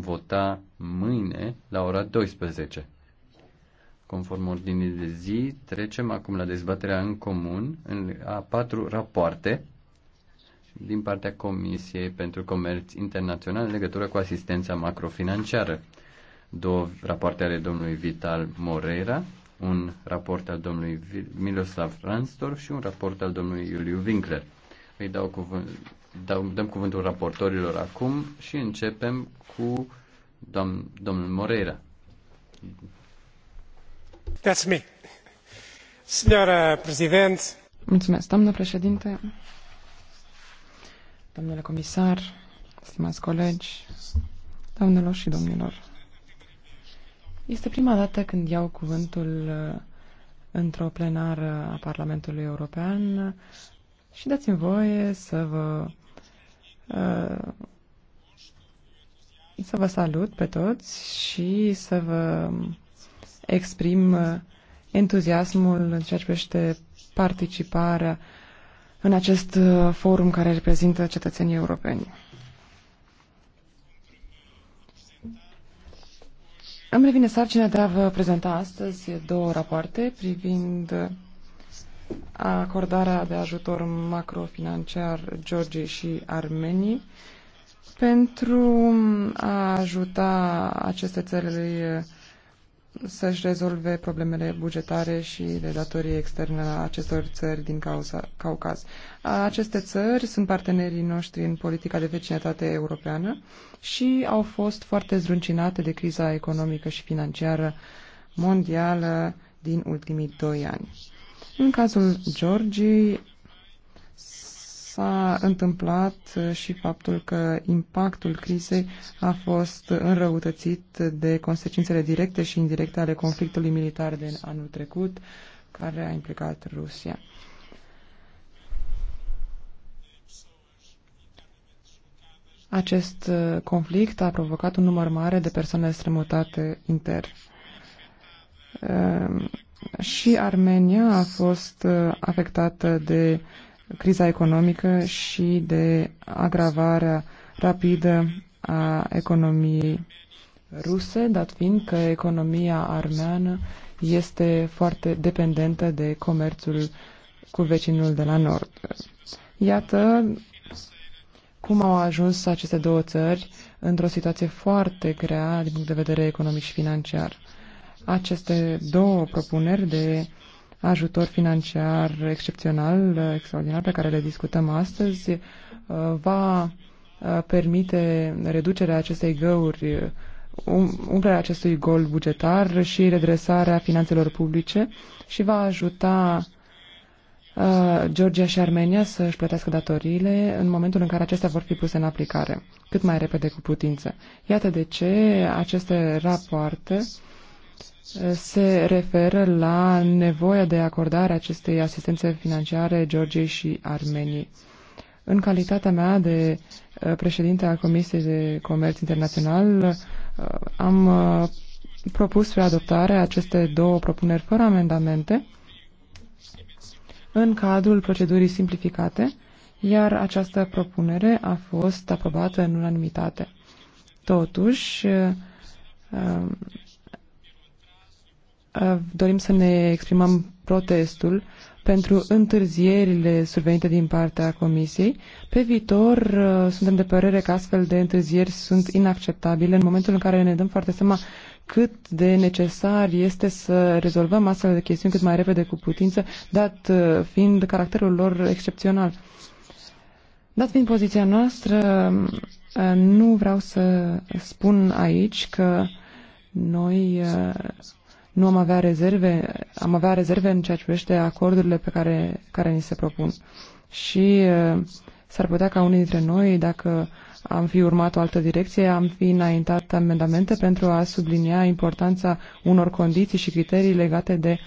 vota mâine la ora 12. Conform ordinii de zi, trecem acum la dezbaterea în comun a patru rapoarte din partea Comisiei pentru Comerț Internațional în legătură cu asistența macrofinanciară. Două rapoarte ale domnului Vital Moreira, un raport al domnului Miloslav Ransdorf și un raport al domnului Iuliu Winkler. Îi dau cuvânt, dăm, dăm cuvântul raportorilor acum și începem cu dom, domnul Moreira. That's me. Signora Presidente. Mulțumesc, doamnă președinte, domnule comisar, stimați colegi, doamnelor și domnilor. Este prima dată când iau cuvântul uh, într-o plenară a Parlamentului European și dați-mi voie să vă Uh, să vă salut pe toți și să vă exprim uh, entuziasmul în ceea ce privește participarea în acest uh, forum care reprezintă cetățenii europeni. Îmi revine sarcina de a vă prezenta astăzi două rapoarte privind acordarea de ajutor macrofinanciar Georgiei și Armenii pentru a ajuta aceste țări să-și rezolve problemele bugetare și de datorie externe a acestor țări din cauza, Caucaz. Aceste țări sunt partenerii noștri în politica de vecinătate europeană și au fost foarte zruncinate de criza economică și financiară mondială din ultimii doi ani. În cazul Georgiei s-a întâmplat și faptul că impactul crizei a fost înrăutățit de consecințele directe și indirecte ale conflictului militar din anul trecut, care a implicat Rusia. Acest conflict a provocat un număr mare de persoane strămutate inter ehm, și Armenia a fost uh, afectată de criza economică și de agravarea rapidă a economiei ruse, dat fiind că economia armeană este foarte dependentă de comerțul cu vecinul de la nord. Iată cum au ajuns aceste două țări într-o situație foarte grea din punct de vedere economic și financiar aceste două propuneri de ajutor financiar excepțional, eh, extraordinar, pe care le discutăm astăzi, eh, va eh, permite reducerea acestei găuri, um, umplerea acestui gol bugetar și redresarea finanțelor publice și va ajuta Georgia și Armenia să își plătească datoriile în momentul în care acestea vor fi puse în aplicare, cât mai repede cu putință. Iată de ce aceste rapoarte uh, se referă la nevoia de acordare acestei asistențe financiare Georgiei și Armeniei. În calitatea mea de uh, președinte al Comisiei de Comerț Internațional, uh, am uh, propus pe adoptare aceste două propuneri fără amendamente în cadrul procedurii simplificate, iar această propunere a fost aprobată în unanimitate. Totuși, dorim să ne exprimăm protestul pentru întârzierile survenite din partea Comisiei. Pe viitor, suntem de părere că astfel de întârzieri sunt inacceptabile în momentul în care ne dăm foarte seama cât de necesar este să rezolvăm astfel de chestiuni cât mai repede cu putință, dat fiind caracterul lor excepțional. Dat fiind poziția noastră, nu vreau să spun aici că noi nu am avea rezerve, am avea rezerve în ceea ce privește acordurile pe care, care ni se propun. Și s-ar putea ca unii dintre noi, dacă am fi urmat o altă direcție, am fi înaintat amendamente pentru a sublinia importanța unor condiții și criterii legate de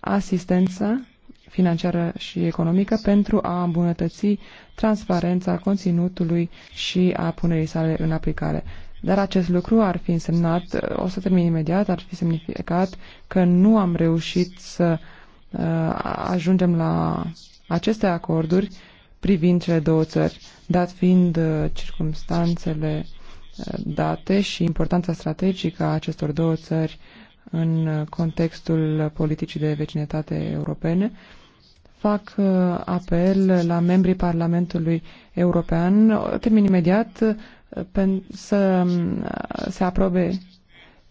asistență financiară și economică pentru a îmbunătăți transparența conținutului și a punerii sale în aplicare. Dar acest lucru ar fi însemnat, uh, o să termin imediat, ar fi semnificat că nu am reușit să uh, ajungem la aceste acorduri privind cele două țări, dat fiind uh, circumstanțele uh, date și importanța strategică a acestor două țări în uh, contextul politicii de vecinătate europene, fac apel la membrii Parlamentului European. Termin imediat să uh, se aprobe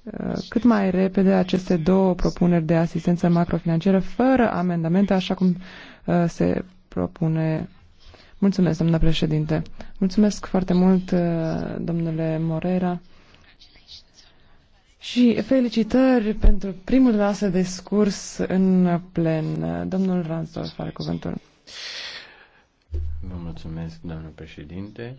uh, cât mai repede aceste două propuneri de asistență macrofinanciară fără amendamente, așa cum uh, se propune. Mulțumesc, domnule președinte. Mulțumesc foarte mult, domnule Morera. Și felicitări pentru primul noastră discurs în plen. Domnul Ransdorf are cuvântul. Vă mulțumesc, doamnă președinte.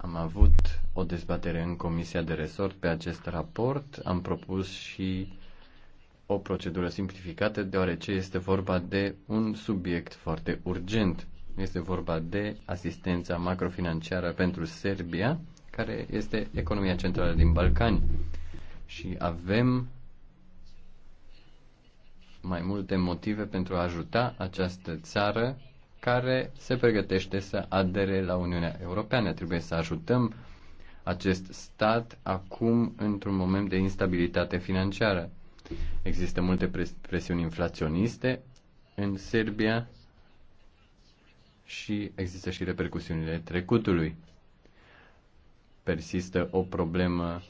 Am avut o dezbatere în Comisia de Resort pe acest raport. Am propus și o procedură simplificată, deoarece este vorba de un subiect foarte urgent. Este vorba de asistența macrofinanciară pentru Serbia, care este economia centrală din Balcani. Și avem mai multe motive pentru a ajuta această țară care se pregătește să adere la Uniunea Europeană. Trebuie să ajutăm acest stat acum într-un moment de instabilitate financiară. Există multe presiuni inflaționiste în Serbia și există și repercusiunile trecutului. Persistă o problemă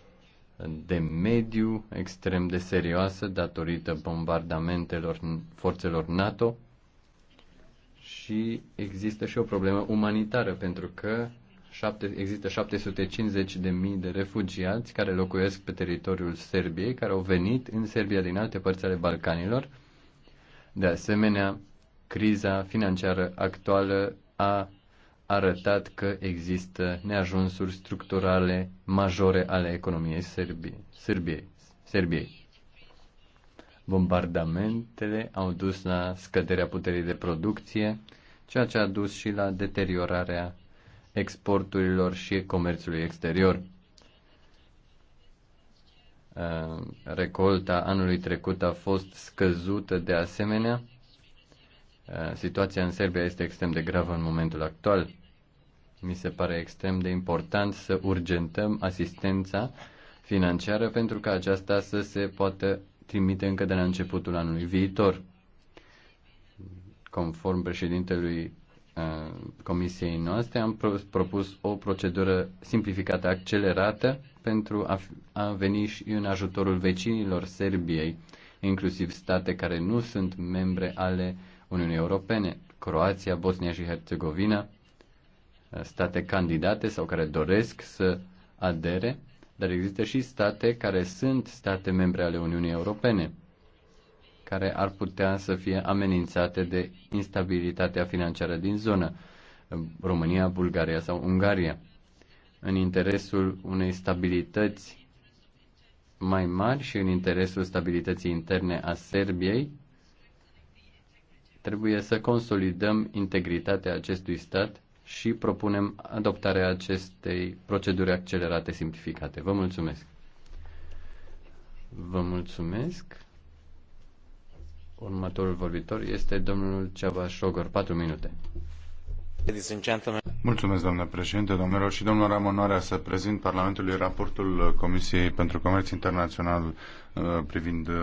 de mediu extrem de serioasă datorită bombardamentelor forțelor NATO și există și o problemă umanitară, pentru că șapte, există 750 de mii de refugiați care locuiesc pe teritoriul Serbiei, care au venit în Serbia din alte părți ale Balcanilor. De asemenea, criza financiară actuală a arătat că există neajunsuri structurale majore ale economiei Serbiei. Serbiei. Serbiei. Bombardamentele au dus la scăderea puterii de producție, ceea ce a dus și la deteriorarea exporturilor și comerțului exterior. Uh, recolta anului trecut a fost scăzută de asemenea. Uh, situația în Serbia este extrem de gravă în momentul actual. Mi se pare extrem de important să urgentăm asistența financiară pentru ca aceasta să se poată trimite încă de la începutul anului viitor, conform președintelui uh, comisiei noastre, am propus o procedură simplificată, accelerată, pentru a, a veni și în ajutorul vecinilor Serbiei, inclusiv state care nu sunt membre ale Uniunii Europene, Croația, Bosnia și Herțegovina, uh, state candidate sau care doresc să adere dar există și state care sunt state membre ale Uniunii Europene, care ar putea să fie amenințate de instabilitatea financiară din zonă, România, Bulgaria sau Ungaria. În interesul unei stabilități mai mari și în interesul stabilității interne a Serbiei, trebuie să consolidăm integritatea acestui stat și propunem adoptarea acestei proceduri accelerate simplificate. Vă mulțumesc! Vă mulțumesc! Următorul vorbitor este domnul Ceaba Șogor, 4 minute. Mulțumesc, doamnă președinte, domnilor și domnilor. Am onoarea să prezint Parlamentului raportul Comisiei pentru Comerț Internațional uh, privind uh,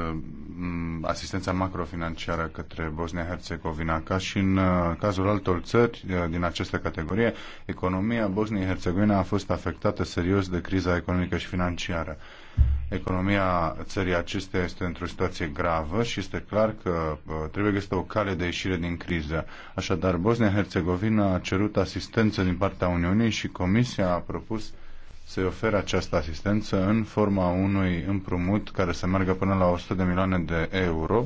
asistența macrofinanciară către Bosnia-Herzegovina. Ca și în uh, cazul altor țări din această categorie, economia Bosniei-Herzegovina a fost afectată serios de criza economică și financiară. Economia țării acestea este într-o situație gravă și este clar că uh, trebuie găsită o cale de ieșire din criză. Așadar, Bosnia-Herzegovina a cerut asistență din partea Uniunii și Comisia a propus să-i ofere această asistență în forma unui împrumut care să meargă până la 100 de milioane de euro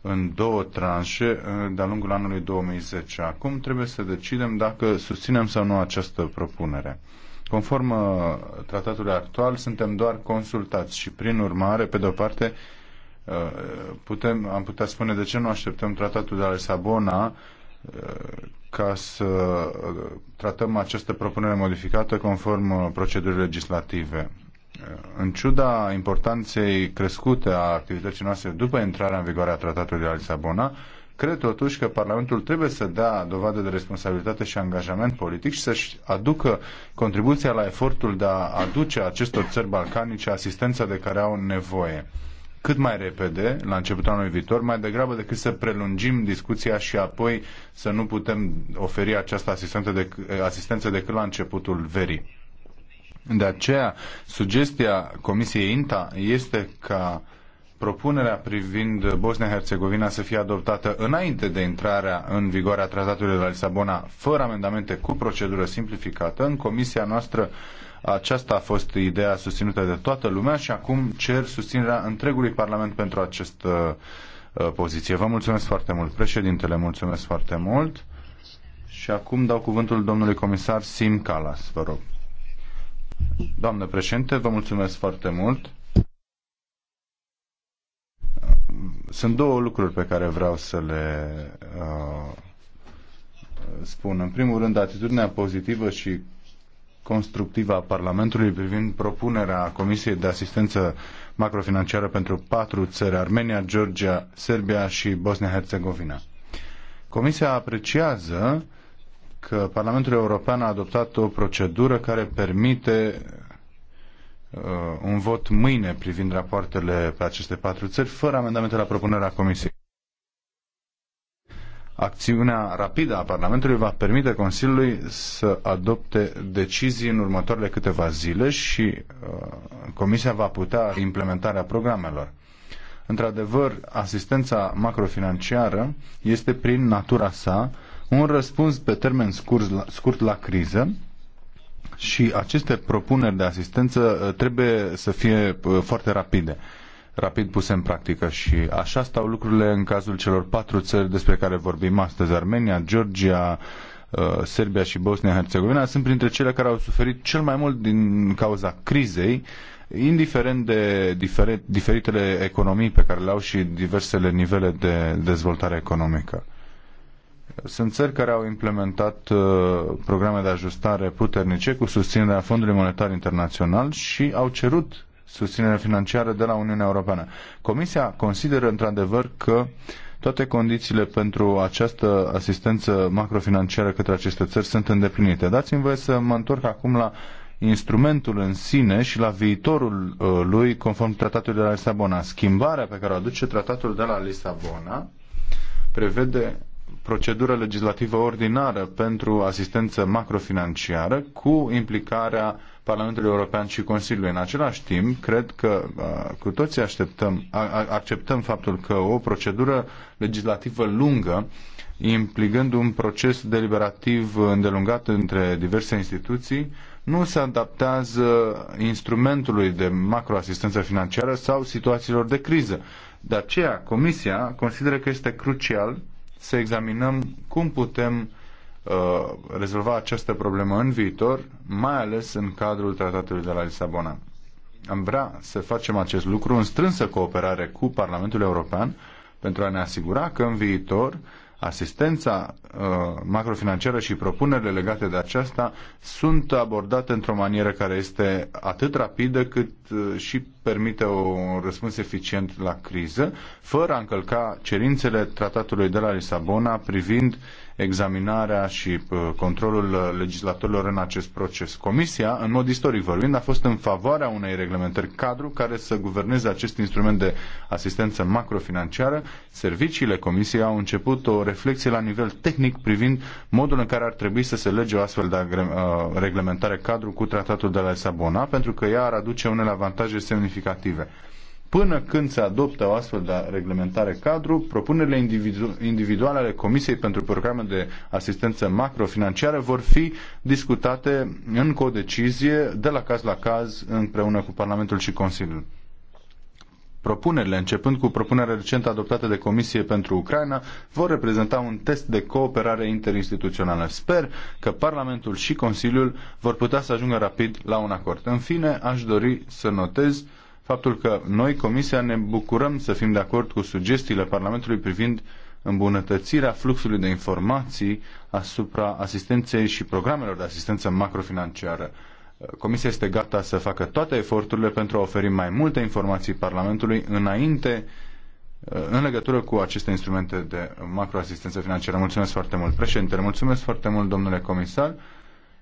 în două tranșe uh, de-a lungul anului 2010. Acum trebuie să decidem dacă susținem sau nu această propunere. Conform uh, tratatului actual, suntem doar consultați și, prin urmare, pe de-o parte, uh, putem, am putea spune de ce nu așteptăm tratatul de la Lisabona uh, ca să tratăm această propunere modificată conform procedurii legislative. În ciuda importanței crescute a activității noastre după intrarea în vigoare a tratatului de la Lisabona, Cred totuși că Parlamentul trebuie să dea dovadă de responsabilitate și angajament politic și să-și aducă contribuția la efortul de a aduce acestor țări balcanice asistența de care au nevoie cât mai repede, la începutul anului viitor, mai degrabă decât să prelungim discuția și apoi să nu putem oferi această asistență, de, asistență decât la începutul verii. De aceea, sugestia Comisiei INTA este ca uh, propunerea privind Bosnia-Herzegovina să fie adoptată înainte de intrarea în vigoare a tratatului de la Lisabona, fără amendamente, cu procedură simplificată. În comisia noastră aceasta a fost ideea susținută de toată lumea și acum cer susținerea întregului Parlament pentru această uh, poziție. Vă mulțumesc foarte mult, președintele, mulțumesc foarte mult. Și acum dau cuvântul domnului comisar Sim Calas, vă rog. Doamnă președinte, vă mulțumesc foarte mult sunt două lucruri pe care vreau să le uh, spun. În primul rând, atitudinea pozitivă și constructivă a Parlamentului privind propunerea Comisiei de Asistență Macrofinanciară pentru patru țări, Armenia, Georgia, Serbia și Bosnia-Herzegovina. Comisia apreciază că Parlamentul European a adoptat o procedură care permite Uh, un vot mâine privind rapoartele pe aceste patru țări, fără amendamente la propunerea Comisiei. Acțiunea rapidă a Parlamentului va permite Consiliului să adopte decizii în următoarele câteva zile și uh, Comisia va putea implementarea programelor. Într-adevăr, asistența macrofinanciară este prin natura sa un răspuns pe termen scurt la, scurt la criză și aceste propuneri de asistență uh, trebuie să fie uh, foarte rapide rapid puse în practică și așa stau lucrurile în cazul celor patru țări despre care vorbim astăzi, Armenia, Georgia, uh, Serbia și Bosnia-Herzegovina sunt printre cele care au suferit cel mai mult din cauza crizei, indiferent de diferitele economii pe care le au și diversele nivele de dezvoltare economică. Sunt țări care au implementat uh, programe de ajustare puternice cu susținerea Fondului Monetar Internațional și au cerut susținere financiară de la Uniunea Europeană. Comisia consideră într-adevăr că toate condițiile pentru această asistență macrofinanciară către aceste țări sunt îndeplinite. Dați-mi voie să mă întorc acum la instrumentul în sine și la viitorul uh, lui conform tratatului de la Lisabona. Schimbarea pe care o aduce tratatul de la Lisabona prevede procedură legislativă ordinară pentru asistență macrofinanciară cu implicarea Parlamentului European și Consiliului. În același timp, cred că uh, cu toții așteptăm, acceptăm faptul că o procedură legislativă lungă implicând un proces deliberativ îndelungat între diverse instituții, nu se adaptează instrumentului de macroasistență financiară sau situațiilor de criză. De aceea, Comisia consideră că este crucial să examinăm cum putem uh, rezolva această problemă în viitor, mai ales în cadrul tratatului de la Lisabona. Am vrea să facem acest lucru în strânsă cooperare cu Parlamentul European pentru a ne asigura că în viitor asistența uh, macrofinanciară și propunerile legate de aceasta sunt abordate într-o manieră care este atât rapidă cât uh, și permite un răspuns eficient la criză, fără a încălca cerințele tratatului de la Lisabona privind examinarea și uh, controlul uh, legislatorilor în acest proces. Comisia, în mod istoric vorbind, a fost în favoarea unei reglementări cadru care să guverneze acest instrument de asistență macrofinanciară. Serviciile Comisiei au început o reflexie la nivel tehnic privind modul în care ar trebui să se lege o astfel de uh, reglementare cadru cu tratatul de la Lisabona, pentru că ea ar aduce unele avantaje semnificative semnificative. Până când se adoptă o astfel de reglementare cadru, propunerile individu individuale ale Comisiei pentru Programe de Asistență Macrofinanciară vor fi discutate în codecizie de la caz la caz împreună cu Parlamentul și Consiliul propunerile, începând cu propunerea recent adoptată de Comisie pentru Ucraina, vor reprezenta un test de cooperare interinstituțională. Sper că Parlamentul și Consiliul vor putea să ajungă rapid la un acord. În fine, aș dori să notez faptul că noi, Comisia, ne bucurăm să fim de acord cu sugestiile Parlamentului privind îmbunătățirea fluxului de informații asupra asistenței și programelor de asistență macrofinanciară. Comisia este gata să facă toate eforturile pentru a oferi mai multe informații Parlamentului înainte în legătură cu aceste instrumente de macroasistență financiară. Mulțumesc foarte mult, președinte. Mulțumesc foarte mult, domnule comisar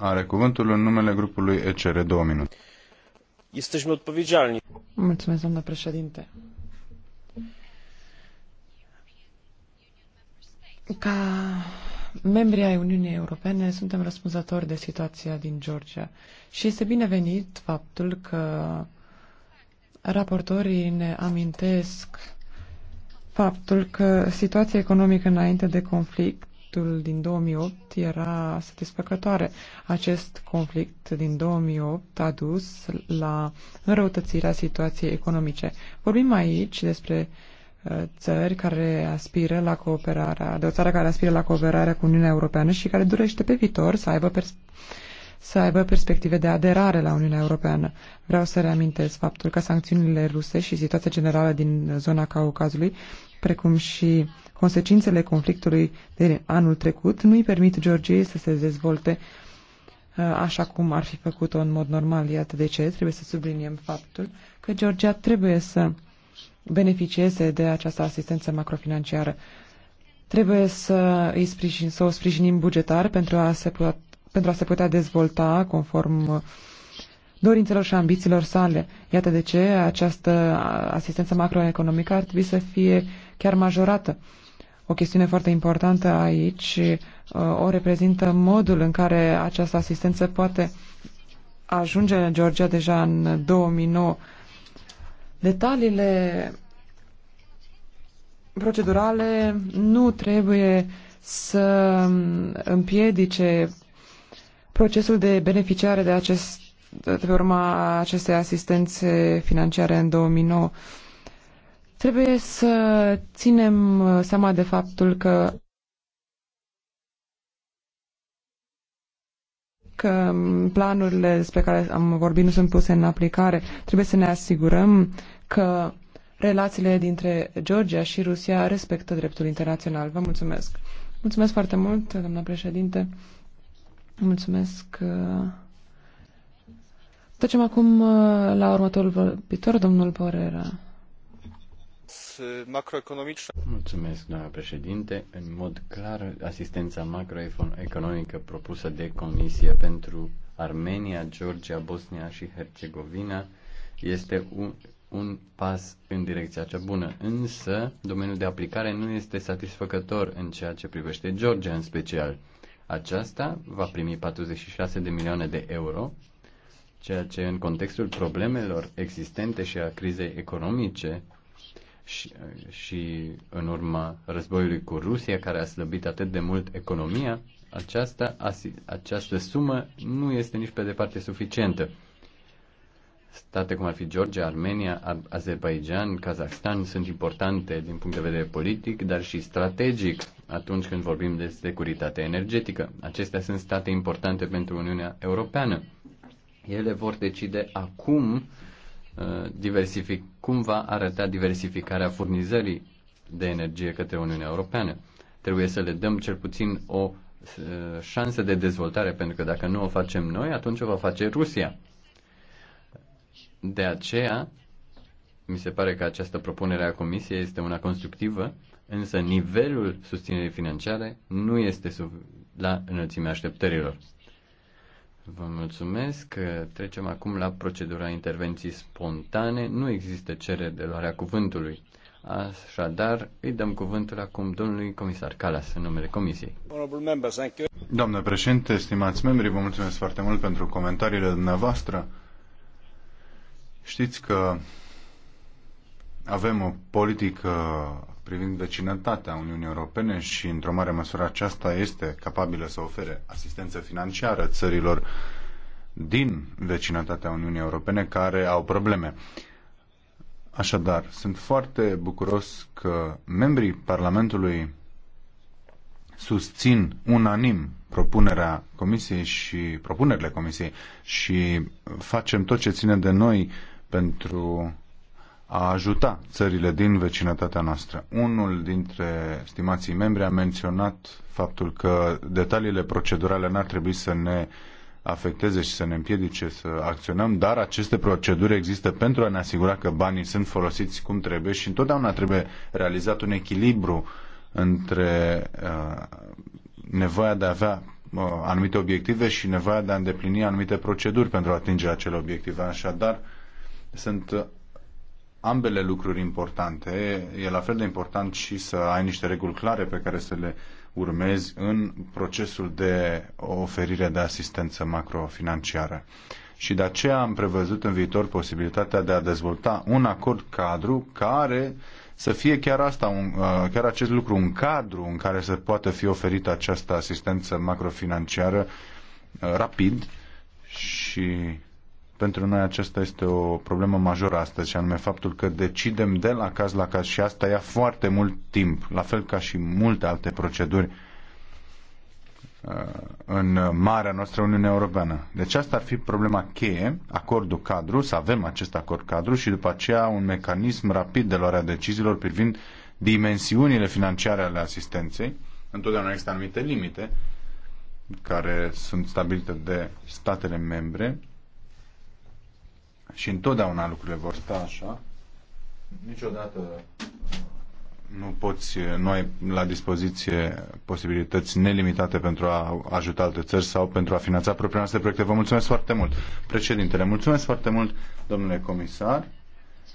are cuvântul în numele grupului ECR. Două minute. Jesteśmy odpowiedzialni. Mulțumesc, doamnă președinte. Ca membri ai Uniunii Europene suntem răspunzători de situația din Georgia și este binevenit faptul că raportorii ne amintesc faptul că situația economică înainte de conflict conflictul din 2008 era satisfăcătoare. Acest conflict din 2008 a dus la înrăutățirea situației economice. Vorbim aici despre uh, țări care aspiră la cooperarea, de o țară care aspiră la cooperarea cu Uniunea Europeană și care dorește pe viitor să aibă pers- să aibă perspective de aderare la Uniunea Europeană. Vreau să reamintesc faptul că sancțiunile ruse și situația generală din zona Caucazului, precum și Consecințele conflictului de anul trecut nu îi permit Georgiei să se dezvolte uh, așa cum ar fi făcut-o în mod normal. Iată de ce trebuie să subliniem faptul că Georgia trebuie să beneficieze de această asistență macrofinanciară. Trebuie să, îi sprijin, să o sprijinim bugetar pentru a, se putea, pentru a se putea dezvolta conform dorințelor și ambițiilor sale. Iată de ce această asistență macroeconomică ar trebui să fie chiar majorată. O chestiune foarte importantă aici uh, o reprezintă modul în care această asistență poate ajunge în Georgia deja în 2009. Detaliile procedurale nu trebuie să împiedice procesul de beneficiare de acest de urma acestei asistențe financiare în 2009. Trebuie să ținem uh, seama de faptul că că um, planurile despre care am vorbit nu sunt puse în aplicare. Trebuie să ne asigurăm că relațiile dintre Georgia și Rusia respectă dreptul internațional. Vă mulțumesc. Mulțumesc foarte mult, doamna președinte. Mulțumesc. Uh, Trecem acum uh, la următorul vorbitor, domnul Porera macroeconomiczna. Mulțumesc, doamna președinte. În mod clar, asistența macroeconomică propusă de Comisie pentru Armenia, Georgia, Bosnia și Herțegovina este un, un pas în direcția cea bună, însă domeniul de aplicare nu este satisfăcător în ceea ce privește Georgia în special. Aceasta va primi 46 de milioane de euro, ceea ce în contextul problemelor existente și a crizei economice și, și în urma războiului cu Rusia, care a slăbit atât de mult economia, aceasta, această sumă nu este nici pe departe suficientă. State cum ar fi Georgia, Armenia, Azerbaijan, Kazakhstan sunt importante din punct de vedere politic, dar și strategic atunci când vorbim de securitate energetică. Acestea sunt state importante pentru Uniunea Europeană. Ele vor decide acum uh, Uh, diversific, cum va arăta diversificarea furnizării de energie către Uniunea Europeană. Trebuie să le dăm cel puțin o uh, șansă de dezvoltare, pentru că dacă nu o facem noi, atunci o va face Rusia. De aceea, mi se pare că această propunere a Comisiei este una constructivă, însă nivelul susținerii financiare nu este la înălțimea așteptărilor. Vă mulțumesc. Trecem acum la procedura intervenții spontane. Nu există cerere de luarea cuvântului. Așadar, îi dăm cuvântul acum domnului comisar Calas în numele Comisiei. Doamnă președinte, stimați membri, vă mulțumesc foarte mult pentru comentariile dumneavoastră. Știți că avem o politică privind vecinătatea Uniunii Europene și, într-o mare măsură, aceasta este capabilă să ofere asistență financiară țărilor din vecinătatea Uniunii Europene care au probleme. Așadar, sunt foarte bucuros că membrii Parlamentului susțin unanim propunerea Comisiei și propunerile Comisiei și facem tot ce ține de noi pentru a ajuta țările din vecinătatea noastră. Unul dintre stimații membri a menționat faptul că detaliile procedurale n-ar trebui să ne afecteze și să ne împiedice să acționăm, dar aceste proceduri există pentru a ne asigura că banii sunt folosiți cum trebuie și întotdeauna trebuie realizat un echilibru între uh, nevoia de a avea uh, anumite obiective și nevoia de a îndeplini anumite proceduri pentru a atinge acele obiective. Așadar, sunt ambele lucruri importante. E la fel de important și să ai niște reguli clare pe care să le urmezi în procesul de oferire de asistență macrofinanciară. Și de aceea am prevăzut în viitor posibilitatea de a dezvolta un acord cadru care să fie chiar asta, un, uh, chiar acest lucru, un cadru în care să poată fi oferită această asistență macrofinanciară uh, rapid și pentru noi aceasta este o problemă majoră astăzi și anume faptul că decidem de la caz la caz și asta ia foarte mult timp, la fel ca și multe alte proceduri uh, în marea noastră Uniune Europeană. Deci asta ar fi problema cheie, acordul cadru, să avem acest acord cadru și după aceea un mecanism rapid de luarea deciziilor privind dimensiunile financiare ale asistenței. Întotdeauna există anumite limite care sunt stabilite de statele membre și întotdeauna lucrurile vor sta așa, niciodată uh, nu poți, uh, nu ai la dispoziție posibilități nelimitate pentru a ajuta alte țări sau pentru a finanța propriile noastre proiecte. Vă mulțumesc foarte mult, președintele. Mulțumesc foarte mult, domnule comisar.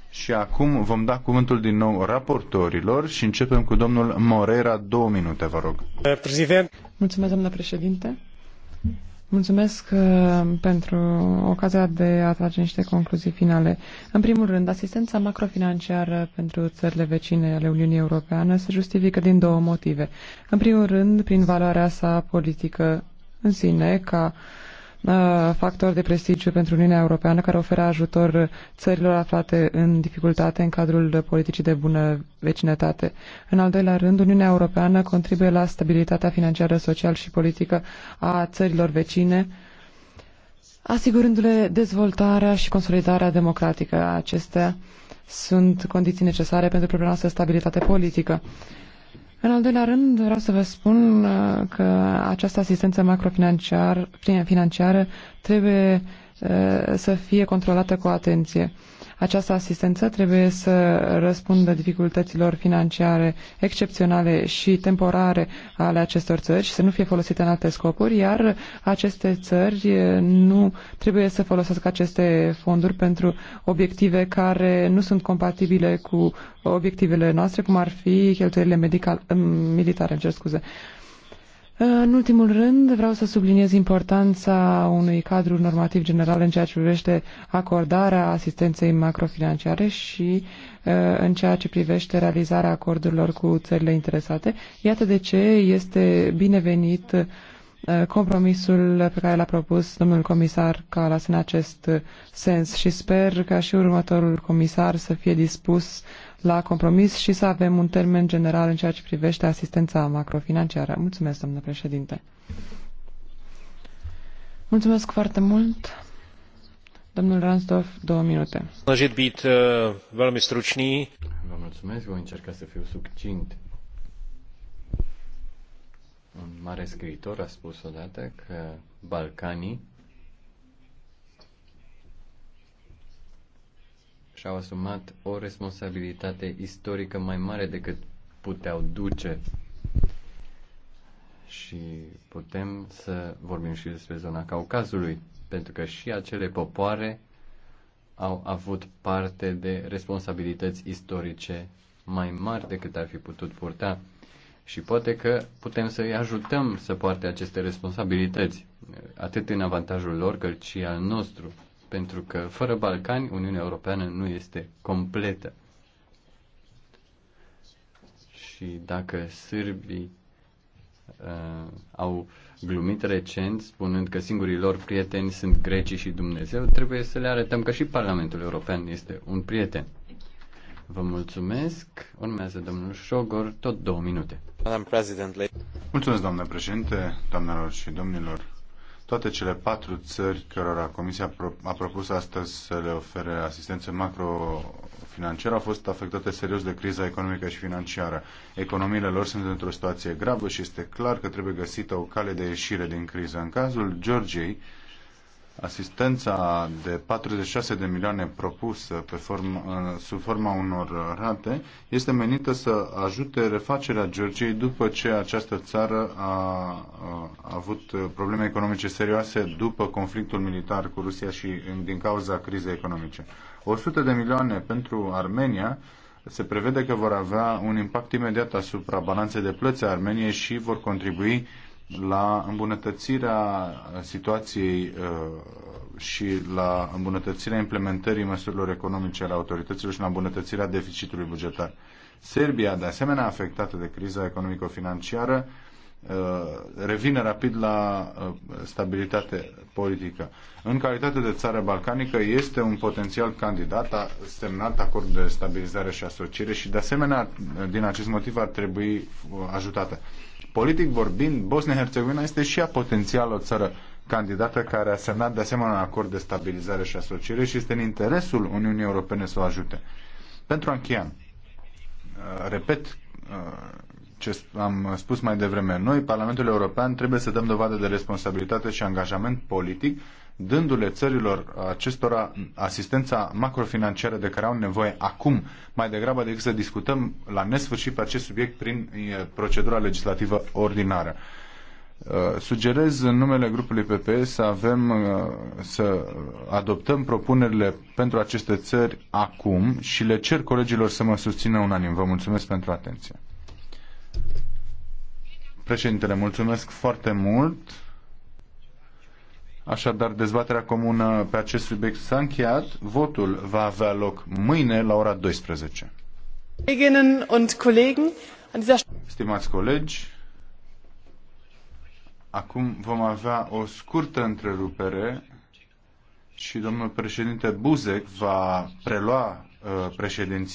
Și acum vom da cuvântul din nou raportorilor și începem cu domnul Morera. Două minute, vă rog. Mulțumesc, doamna președinte. Mulțumesc uh, pentru ocazia de a trage niște concluzii finale. În primul rând, asistența macrofinanciară pentru țările vecine ale Uniunii Europeană se justifică din două motive. În primul rând, prin valoarea sa politică în sine, ca uh, Uh, factor de prestigiu pentru Uniunea Europeană care oferă ajutor țărilor aflate în dificultate în cadrul politicii de bună vecinătate. În al doilea rând, Uniunea Europeană contribuie la stabilitatea financiară, social și politică a țărilor vecine, asigurându-le dezvoltarea și consolidarea democratică. Acestea sunt condiții necesare pentru propria noastră stabilitate politică. În al doilea rând, vreau să vă spun uh, că această asistență macrofinanciară trebuie să fie controlată cu atenție. Această asistență trebuie să răspundă dificultăților financiare excepționale și temporare ale acestor țări și să nu fie folosite în alte scopuri, iar aceste țări nu trebuie să folosească aceste fonduri pentru obiective care nu sunt compatibile cu obiectivele noastre, cum ar fi cheltuielile medical, militare, îmi cer scuze. Uh, în ultimul rând, vreau să subliniez importanța unui cadru normativ general în ceea ce privește acordarea asistenței macrofinanciare și uh, în ceea ce privește realizarea acordurilor cu țările interesate. Iată de ce este binevenit uh, compromisul pe care l-a propus domnul comisar Calas în acest uh, sens și sper ca și următorul comisar să fie dispus la compromis și să avem un termen general în ceea ce privește asistența macrofinanciară. Mulțumesc, domnule președinte. Mulțumesc foarte mult. Domnul Ransdorf, două minute. Snažit bit, eh, velmi stručný. Vă mulțumesc, voi încerca să fiu succint. Un mare scriitor a spus odată că Balcanii și-au asumat o responsabilitate istorică mai mare decât puteau duce. Și putem să vorbim și despre zona Caucazului, pentru că și acele popoare au avut parte de responsabilități istorice mai mari decât ar fi putut purta. Și poate că putem să îi ajutăm să poarte aceste responsabilități, atât în avantajul lor, cât și al nostru pentru că fără Balcani Uniunea Europeană nu este completă. Și dacă sârbii uh, au glumit recent spunând că singurii lor prieteni sunt grecii și Dumnezeu, trebuie să le arătăm că și Parlamentul European este un prieten. Vă mulțumesc. Urmează domnul Șogor, tot două minute. Mulțumesc, doamnă președinte, doamnelor și domnilor toate cele patru țări cărora Comisia a propus astăzi să le ofere asistență macrofinanciară au fost afectate serios de criza economică și financiară. Economiile lor sunt într-o situație gravă și este clar că trebuie găsită o cale de ieșire din criză. În cazul Georgiei, asistența de 46 de milioane propusă pe form, sub forma unor rate este menită să ajute refacerea Georgiei după ce această țară a, a avut probleme economice serioase după conflictul militar cu Rusia și din cauza crizei economice. 100 de milioane pentru Armenia se prevede că vor avea un impact imediat asupra balanței de plăți a Armeniei și vor contribui la îmbunătățirea situației uh, și la îmbunătățirea implementării măsurilor economice ale autorităților și la îmbunătățirea deficitului bugetar. Serbia, de asemenea afectată de criza economico-financiară, Uh, revine rapid la uh, stabilitate politică. În calitate de țară balcanică este un potențial candidat, a semnat acord de stabilizare și asociere și de asemenea din acest motiv ar trebui uh, ajutată. Politic vorbind, Bosnia-Herzegovina este și ea potențial o țară candidată care a semnat de asemenea un acord de stabilizare și asociere și este în interesul Uniunii Europene să o ajute. Pentru a încheia, repet ce am spus mai devreme, noi, Parlamentul European, trebuie să dăm dovadă de responsabilitate și angajament politic, dându-le țărilor acestora asistența macrofinanciară de care au nevoie acum, mai degrabă decât să discutăm la nesfârșit pe acest subiect prin procedura legislativă ordinară. Uh, sugerez în numele grupului PPE să avem uh, să adoptăm propunerile pentru aceste țări acum și le cer colegilor să mă susțină unanim. Vă mulțumesc pentru atenție. Președintele, mulțumesc foarte mult. Așadar, dezbaterea comună pe acest subiect s-a încheiat. Votul va avea loc mâine la ora 12. Stimați colegi, acum vom avea o scurtă întrerupere și domnul președinte Buzek va prelua uh, președinția.